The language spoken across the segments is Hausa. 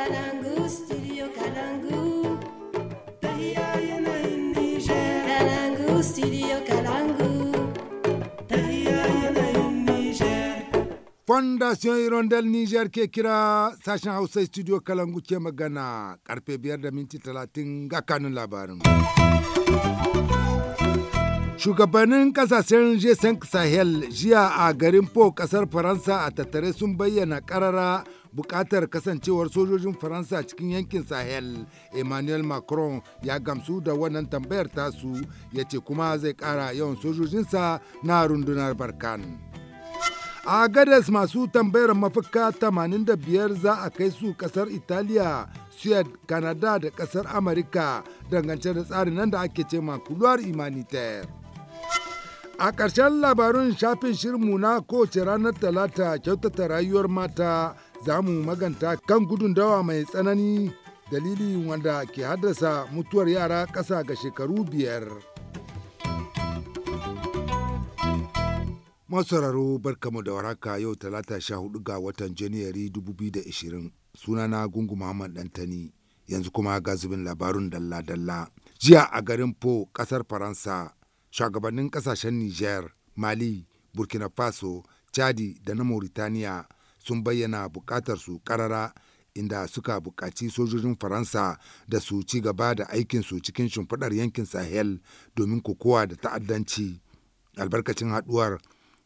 Kalangu, studio Kalangu. yanayin Niger. Fondation Hirondel Niger ke kira sashen Hausa studio Kalangu ke magana karfe biyar da minti talatin ga kanun labarin. Shugabannin kasashen G5 Sahel jiya a garin Po kasar Faransa a tattare sun bayyana karara bukatar kasancewar sojojin Faransa cikin yankin Sahel. Emmanuel Macron ya gamsu da wannan tambayar tasu ya ce kuma zai kara yawan sojojinsa na rundunar Barkan. a gadas masu tambayar mafaka 85 za a kai su kasar italiya sued kanada da kasar amurka dangance da tsarin nan da ake ce ma kuluwar humanitaire A ƙarshen labarun shafin shirmu na kowace ranar talata kyautata rayuwar mata za mu maganta kan gudun dawa mai tsanani dalili wanda ke haddasa mutuwar yara ƙasa ga shekaru biyar. Masauraro barkamu da waraka yau talata sha hudu ga watan Janairu 2020 sunana Gungu Muhammad Dantani yanzu kuma ga labarun dalla-dalla. Jiya a garin Po, ƙasar Faransa, shugabannin kasashen niger Mali, Burkina Faso, Chadi da na Mauritaniya sun bayyana buƙatar su karara inda suka buƙaci sojojin Faransa da su ci gaba da aikin su cikin shimfiɗar yankin Sahel domin kokowa da ta'addanci. Albarkacin haɗuwar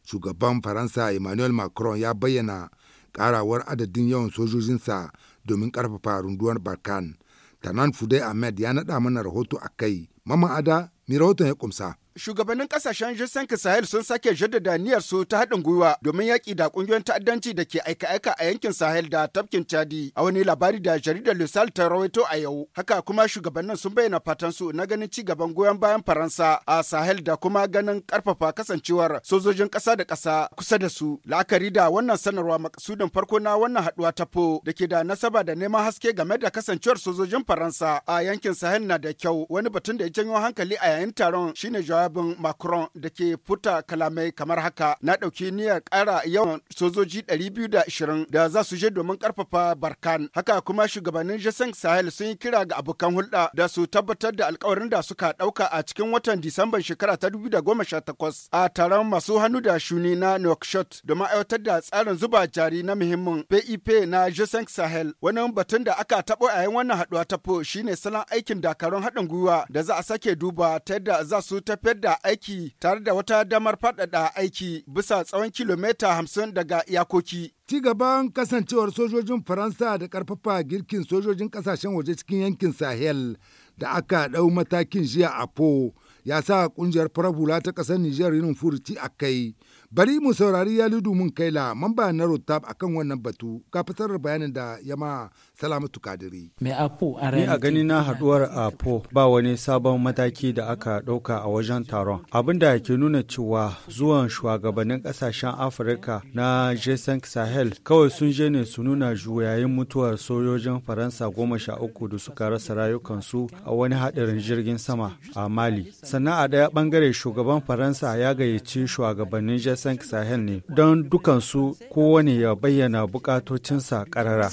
shugaban Faransa Emmanuel Macron ya bayyana ƙarawar adadin yawan sojojinsa domin ƙarfafa runduwar Barkan. Tanan Fudai Ahmed ya naɗa mana rahoto a kai. Mama Ada, mi rahoton ya ƙumsa? Shugabannin kasashen g Sahel sun sake jaddada niyyar su ta haɗin gwiwa domin yaƙi da ƙungiyoyin ta'addanci da ke aika-aika a yankin Sahel da tafkin Chadi a wani labari da jaridar Lusal ta rawaito a yau. Haka kuma shugabannin sun bayyana fatan su na ganin ci gaban goyon bayan Faransa a Sahel da kuma ganin ƙarfafa kasancewar sojojin ƙasa da ƙasa kusa da su. La'akari da wannan sanarwa maƙasudin farko na wannan haɗuwa ta po da ke da nasaba da neman haske game da kasancewar sojojin Faransa a yankin Sahel na da kyau. Wani batun da ya janyo hankali a yayin taron shine jawab jawabin Macron da ke futa kalamai kamar haka na ɗauki niyyar ƙara yawan sojoji 220 da za su je domin ƙarfafa Barkan. Haka kuma shugabannin Jason Sahel sun yi kira ga abokan hulɗa da su tabbatar da alkawarin da suka ɗauka a cikin watan Disamban shekara ta 2018 a taron masu hannu da shuni na nokshot. domin aiwatar da tsarin zuba jari na muhimmin PIP e na Jason Sahel. Wani batun da aka taɓo a yayin wannan haɗuwa ta po shine salon aikin dakarun haɗin gwiwa da za a sake duba ta yadda za su tafiyar yadda da aiki tare da wata damar faɗaɗa aiki bisa tsawon kilomita hamsin daga iyakoki. Ci gaban kasancewar sojojin Faransa da karfafa girkin sojojin ƙasashen waje cikin yankin Sahel da aka ɗau matakin jiya a Po ya sa ƙungiyar farar ta ƙasar Nijar yin furuci a kai Bari mu saurari ludu mun kaila ba na Rotab akan wannan batu ka fitar bayanin da ya ma Salamatu Kadiri. Ni a gani na haduwar APO ba wani sabon mataki da aka dauka a wajen taron. abinda da ke nuna cewa zuwan shugabannin kasashen Afirka na G5 Sahel kawai sun je ne su nuna juyayin mutuwar sojojin Faransa goma sha uku da suka rasa rayukansu a wani haɗarin jirgin sama a Mali. Sannan a daya bangare shugaban Faransa ya gayyaci shugabannin g Sahel ne don dukansu kowane ya bayyana bukatocinsa karara.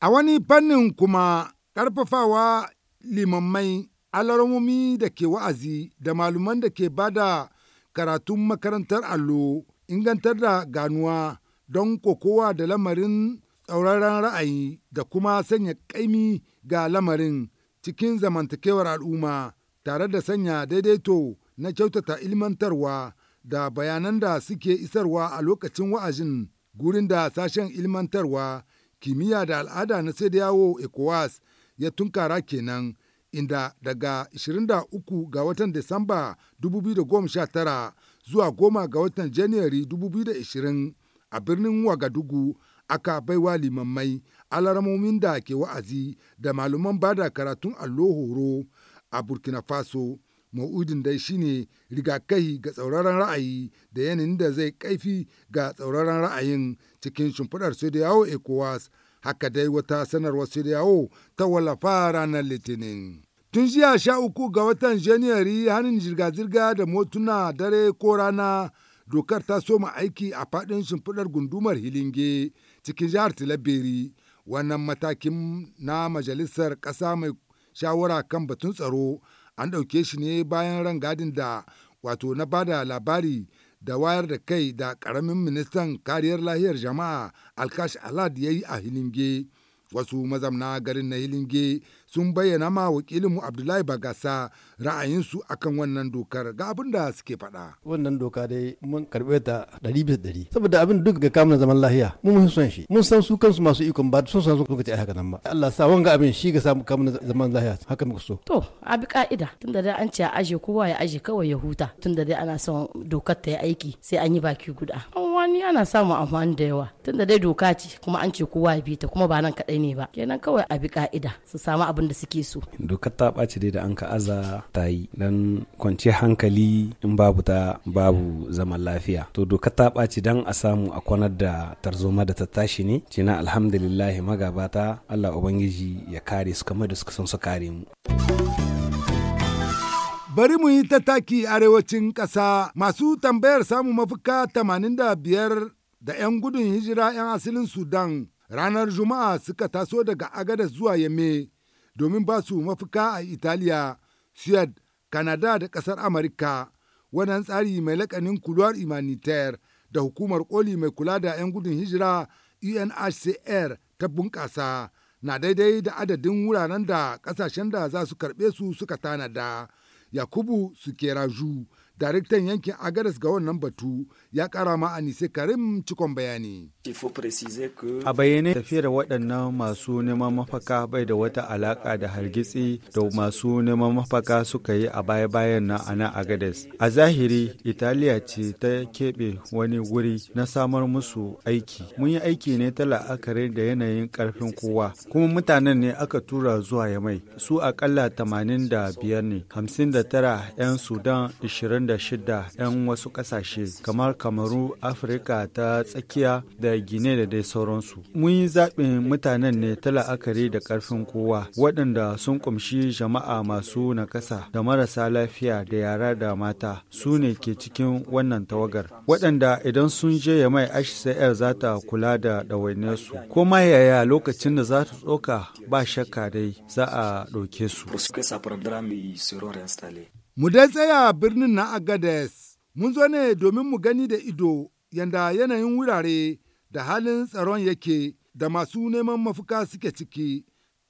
A wani fannin kuma karfafawa limammai alarmomi da ke wa'azi da maluman da ke bada karatun makarantar allo ingantar da ganuwa don kokowa da lamarin tsauraran ra'ayi da kuma sanya kaimi ga lamarin cikin zamantakewar al'umma tare da sanya daidaito na kyautata ilmantarwa da bayanan da suke isarwa a lokacin wa'azin gurin da sashen ilmantarwa kimiyya da al'ada na sai yawo ECOWAS ya tunkara kenan inda daga 23 ga watan Disamba 2019 zuwa 10 ga watan Janairu 2020 a birnin Wagadugu aka baiwa limammai alaramomin da ke wa'azi da malaman bada karatun allo horo a Burkina Faso Ma'udin dai shine rigakahi ga tsauraran ra'ayi da yanayin da zai kaifi ga tsauraran ra'ayin cikin shimfiɗar Sudiyawo ECOWAS haka dai wata sanarwar Sudiyawo ta wallafa ranar Litinin. Tun jiya sha uku ga watan Janairu hannun zirga-zirga da motuna dare ko rana dokar ta soma aiki a faɗin shimfiɗar gundumar Hilinge cikin jihar tilabiri Wannan matakin na majalisar ƙasa mai shawara kan batun tsaro An ɗauke shi ne bayan rangadin da wato na bada labari da wayar da kai da ƙaramin ministan kariyar lahiyar jama'a Alkash Alad ya yi a Hilinge. Wasu mazamna garin na Hilinge sun bayyana ma wakilinmu Abdullahi Bagasa ra'ayinsu akan wannan dokar ga abin da suke faɗa. Wannan doka dai mun karɓe ta ɗari bisa ɗari. Saboda abin duk ga kamun zaman lahiya mun mun son shi. Mun san su kansu masu ikon ba sun san su kuka ci haka nan ba. Allah sa wanga abin shi ga samu kamun zaman lahiya haka muka so. To abi ka'ida tunda dai an ce a aje kowa ya aje kawai ya huta tunda dai ana son dokar ta yi aiki sai an yi baki guda. amfani ana samu amfani da yawa tunda dai doka ce kuma an ce kowa ya bi ta kuma ba nan kadai ne ba kenan kawai a bi ka'ida su samu abin da suke so dokar ta ɓaci dai da an ka aza ta yi dan kwance hankali in babu ta babu zaman lafiya to dokar ta ɓaci dan a samu a kwanar da tarzoma da ta tashi ne cina alhamdulillahi magabata Allah ubangiji ya kare su kamar da suka son su kare mu. Bari mu yi ta taki arewacin ƙasa masu tambayar samun mafuka 85 da 'yan gudun hijira 'yan asalin Sudan ranar Juma'a suka taso daga Agadas zuwa Yame domin ba su mafuka a Italiya, Suwed, Kanada da ƙasar Amurka. Wannan tsari mai lakanin kuluwar imanitar da hukumar koli mai kula da 'yan gudun hijira UNHCR ta bunƙasa na daidai da adadin wuraren da ƙasashen da za su karɓe su suka tanada. yakubu sukeraju Daraktan yankin agares ga wannan batu ya kara ma Anise Karim cikon bayani. A bayyane tafiyar waɗannan masu neman mafaka bai da wata alaƙa da hargitsi da masu neman mafaka suka yi a baya-bayan nan a nan Agades. A zahiri, Italiya ce ta keɓe wani wuri na samar musu aiki. Mun yi aiki ne ta la'akari da yanayin ƙarfin kowa, kuma mutanen ne aka tura zuwa Yamai. Su aƙalla 85 ne, 59 'yan Sudan, 20 26 'yan wasu ƙasashe kamar kamaru afirka ta tsakiya da gine da dai sauransu mun yi zaɓin mutanen ne ta la'akari da ƙarfin kowa waɗanda sun ƙumshi jama'a masu nakasa da marasa lafiya da yara da mata su ne ke cikin wannan tawagar waɗanda idan sun je ya mai hcr za ta kula da ɗawainiyarsu ko ma yaya lokacin da za ta tsoka ba shakka dai za a ɗauke su Mu dai tsaya birnin na agades mun zo ne domin mu gani da ido yanda yanayin wurare da halin tsaron yake da masu neman mafuka suke ciki,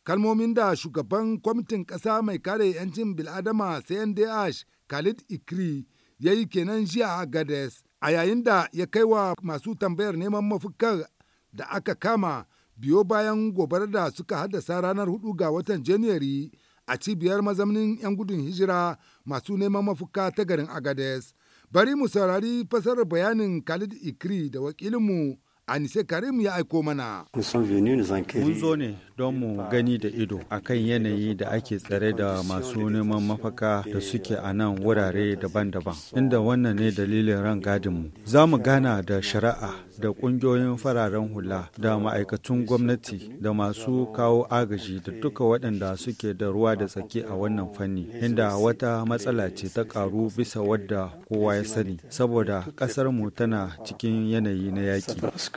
kalmomin da shugaban kwamitin ƙasa mai kare 'yancin bil'adama CNDH Khalid Ikri ya yi kenan jiya a Agadez a yayin da ya kai wa masu tambayar neman mafukar da aka kama biyo bayan gobarar da suka haddasa ranar hudu ga watan Janairu a cibiyar mazaunin 'yan gudun hijira masu neman mafuka ta garin Agades. Bari mu saurari fasarar bayanin Khalid Ikri da wakilinmu Anise Karim ya aiko mana. Mun zo ne don mu gani da ido a kan yanayi da ake tsare da masu neman mafaka da suke a nan wurare daban-daban. Inda wannan ne dalilin ran gadinmu. Za mu gana da shari'a da ƙungiyoyin fararen hula da ma'aikatun gwamnati da masu kawo agaji da duka waɗanda suke da ruwa da tsaki a wannan fanni. Inda wata matsala ce ta ƙaru bisa wadda kowa ya sani saboda ƙasarmu tana cikin yanayi na yaƙi.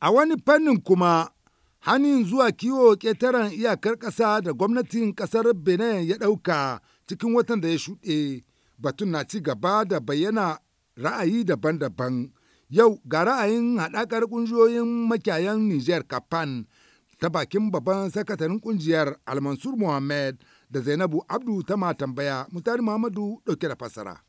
A wani fannin kuma, hannun zuwa kiwo ƙetaren iyakar ƙasa da gwamnatin ƙasar Benin ya ɗauka cikin watan da ya shuɗe, batun na ci gaba da bayyana ra'ayi daban-daban. Yau ga ra'ayin haɗakar ƙungiyoyin makiyayan Nijar Kafan ta bakin babban sakatarin ƙungiyar Almansur Mohammed da Zainabu Abdu ta ma tambaya, Mutari Muhammadu ɗauke da fassara.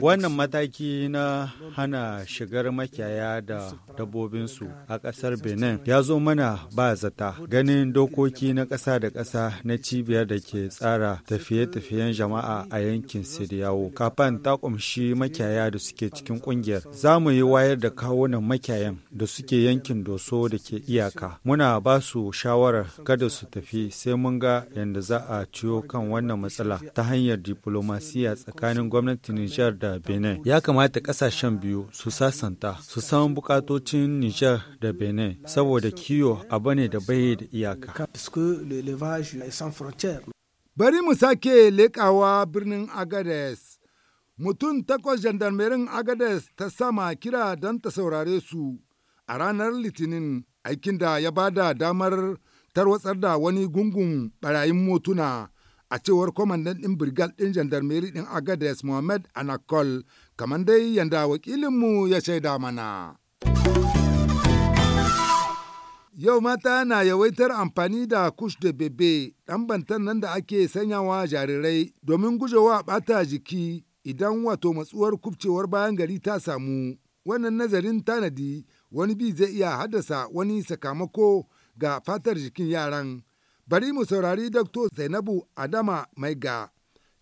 Wannan mataki na hana shigar makiyaya da dabbobinsu a ƙasar Benin ya zo mana ba zata ganin dokoki na ƙasa da ƙasa na cibiyar da ke tsara tafiye-tafiyen jama'a a yankin Sidiyawo. Kafan ta ƙumshi makiyaya da suke cikin ƙungiyar. Za mu yi wayar da kawunan makiyayan da suke yankin Doso da ke iyaka. Muna ba su shawarar kada su tafi sai mun ga yadda za a ciyo kan wannan matsala ta hanyar diplomasiya tsakanin tsakanin gwamnatin Nijar da Benin. Ya kamata kasashen biyu su sasanta su san bukatocin Nijar da Benin saboda kiyo abu ne da bai da iyaka. Bari mu sake leƙawa birnin Agades. Mutum takwas jandarmerin Agades ta sama kira don ta saurare su a ranar Litinin aikin da ya bada damar tarwatsar da wani gungun barayin motuna a cewar kwamandan ɗin birgal ɗin jandarmeri ɗin agades mohamed anakol kamar dai yanda wakilinmu ya shaida mana. Yau mata na yawaitar amfani da kush da bebe ɗan bantan nan da ake sanyawa jarirai domin gujewa ɓata jiki idan wato matsuwar kubcewar bayan gari ta samu. Wannan nazarin tanadi wani bi zai iya haddasa wani sakamako ga fatar jikin yaran Bari mu saurari Dr. Zainabu Adama Maiga,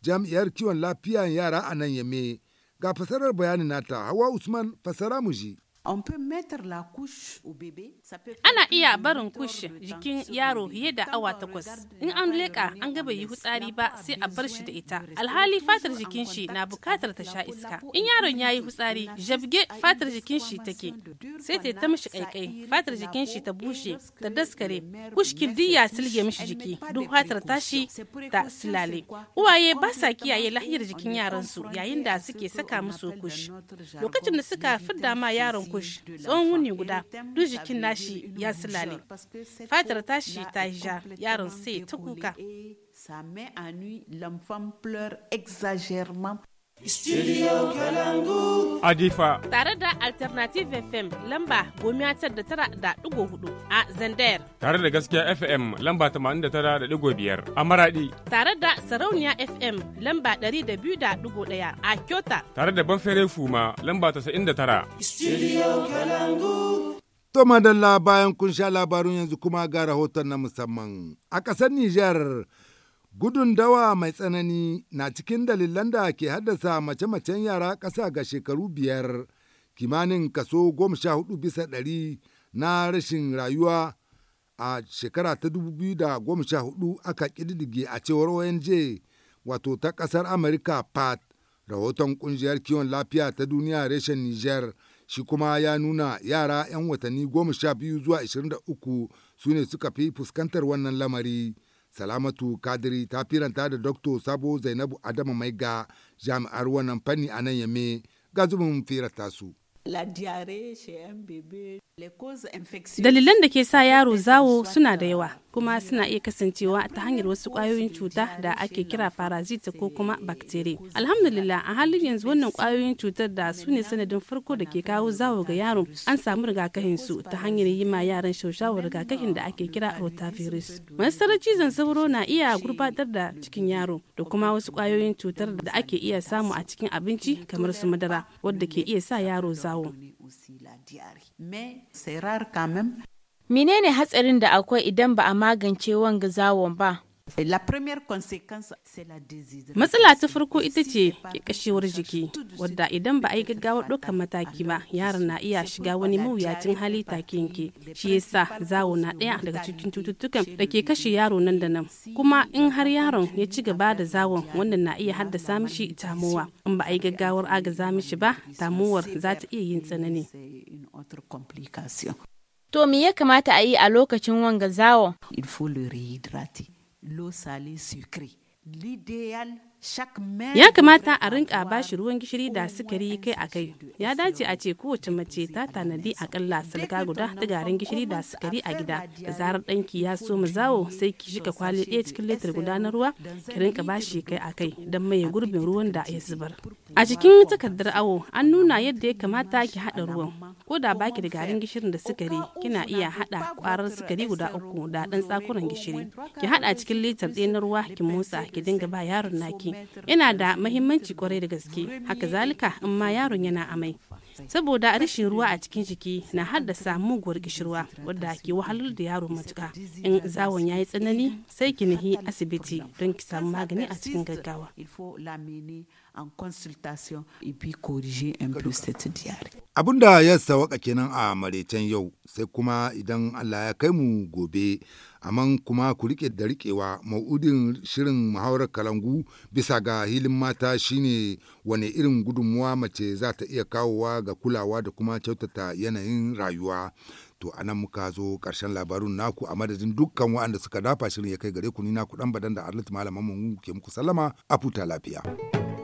jami'ar kiwon lafiyan yara a nan Yame, ga fasarar bayanin nata, Hawa Usman fasara mu ji. Ana iya barin kush jikin yaro fiye da awa takwas. In an leƙa an gaba yi hutsari ba sai a bar shi da ita. Alhali fatar jikin shi na bukatar ta sha iska. In yaron ya yi hutsari, jabge fatar jikin shi take. Sai ta ta mishi ƙaiƙai, fatar jikin shi ta bushe, ta daskare. Kush ya silge mishi jiki, duk fatar tashi ta silale. Uwaye ba sa kiyaye lahiyar jikin yaransu yayin da suke saka musu kush. Lokacin da suka fidda ma yaron kush kush tsawon wuni guda duk jikin nashi ya silale fatar tashi ta yi ja yaron sai ta kuka Studio Kalangu. Adifa. Tare da Alternative FM lamba gomiya tar da tara da ɗigo hudu a zander. Tare da gaskiya FM lamba tamanin da tara da ɗigo biyar a Maradi. Tare da Sarauniya FM lamba ɗari da biyu da ɗigo ɗaya a Kyota. Tare da Banfere Fuma lamba tasa'in da tara. Studio Kalangu. To madalla bayan kun sha labarun yanzu kuma ga rahoton na musamman. A ƙasar Nijar. Gudun dawa mai tsanani na cikin dalilan da ke haddasa mace-macen yara ƙasa ga shekaru biyar, kimanin kaso goma sha hudu bisa ɗari na rashin rayuwa a shekara ta dubu biyu da goma sha hudu aka ƙididdige a cewar ONG wato ta ƙasar Amurka PAT, rahoton ƙungiyar kiwon lafiya ta duniya reshen Niger. shi kuma ya nuna yara 'yan watanni goma sha biyu zuwa 23 su ne suka fi fuskantar wannan lamari Salamatu Kadiri ta firanta da Dr. Sabo Zainabu adama mai ga jami'ar wannan fanni a nan Yame ga zubin firar su. Dalilan da ke sa yaro zawo suna da euh, yawa kuma suna iya kasancewa ta hanyar wasu kwayoyin cuta da ake kira parasite ko kuma bakteri. Alhamdulillah a halin yanzu wannan kwayoyin cutar da su ne sanadin farko da ke kawo zawo ga yaro an samu rigakafin su ta hanyar yi ma yaran shaushawar rigakafin da ake kira rotavirus. Masarar cizon sauro na iya gurbatar da cikin yaro da kuma wasu kwayoyin cutar da ake iya samu a cikin abinci kamar su madara wadda ke iya sa yaro zawo. yawo. Menene hatsarin da akwai idan ba a magance wanga zawon ba? Matsala ta farko ita ce kashewar jiki, wadda idan ba a yi gaggawar ɗaukar mataki ba, yaron na iya shiga wani mawuyacin hali take yanke. Shi yasa zawo na ɗaya daga cikin cututtukan da ke kashe yaro nan da nan. Kuma in har yaron ya ci gaba da zawon, wannan na iya haddasa mishi tamowa. In ba a yi gaggawar agaza mishi ba, tamowar za ta iya yin tsanani. To me ya kamata a yi a lokacin wanga zawo? Ya kamata a rinka ba shi ruwan gishiri da sukari kai a kai. Ya dace a ce kowace mace ta tanadi akalla salga guda ta garin gishiri da sukari a gida. Da zarar ɗanki ya so mu zawo sai ki shika kwali ɗaya cikin litir guda na ruwa ki rinka ba shi kai a kai don maye gurbin ruwan da ya zubar. A cikin takardar awo an nuna yadda ya kamata ki haɗa ruwan. ko da baki da garin gishirin da sukari kina iya hada kwarar sukari guda uku da dan tsakuran gishiri ki hada cikin litar ɗaya na ruwa ki motsa ki dinga ba yaron naki yana da mahimmanci kwarai da gaske haka zalika amma yaron yana amai saboda rashin ruwa a cikin jiki na haddasa muguwar gishirwa wadda ke wahalar da yaro matuka in zawon ya yi tsanani sai ki nihi asibiti don ki samu magani a cikin gaggawa consultation Abin da ya sawaka kenan a maraicen yau sai kuma idan Allah ya kai mu gobe, amma kuma ku rike da rikewa ma'udin shirin muhawarar kalangu bisa ga hilin mata shine wane irin gudunmuwa mace za ta iya kawowa ga kulawa da kuma kyautata yanayin rayuwa. to anan muka zo karshen labarun naku a madadin dukkan waɗanda suka dafa shirin ya kai gare ku ni naku dan badan da arlit malaman mu ke muku sallama a futa lafiya.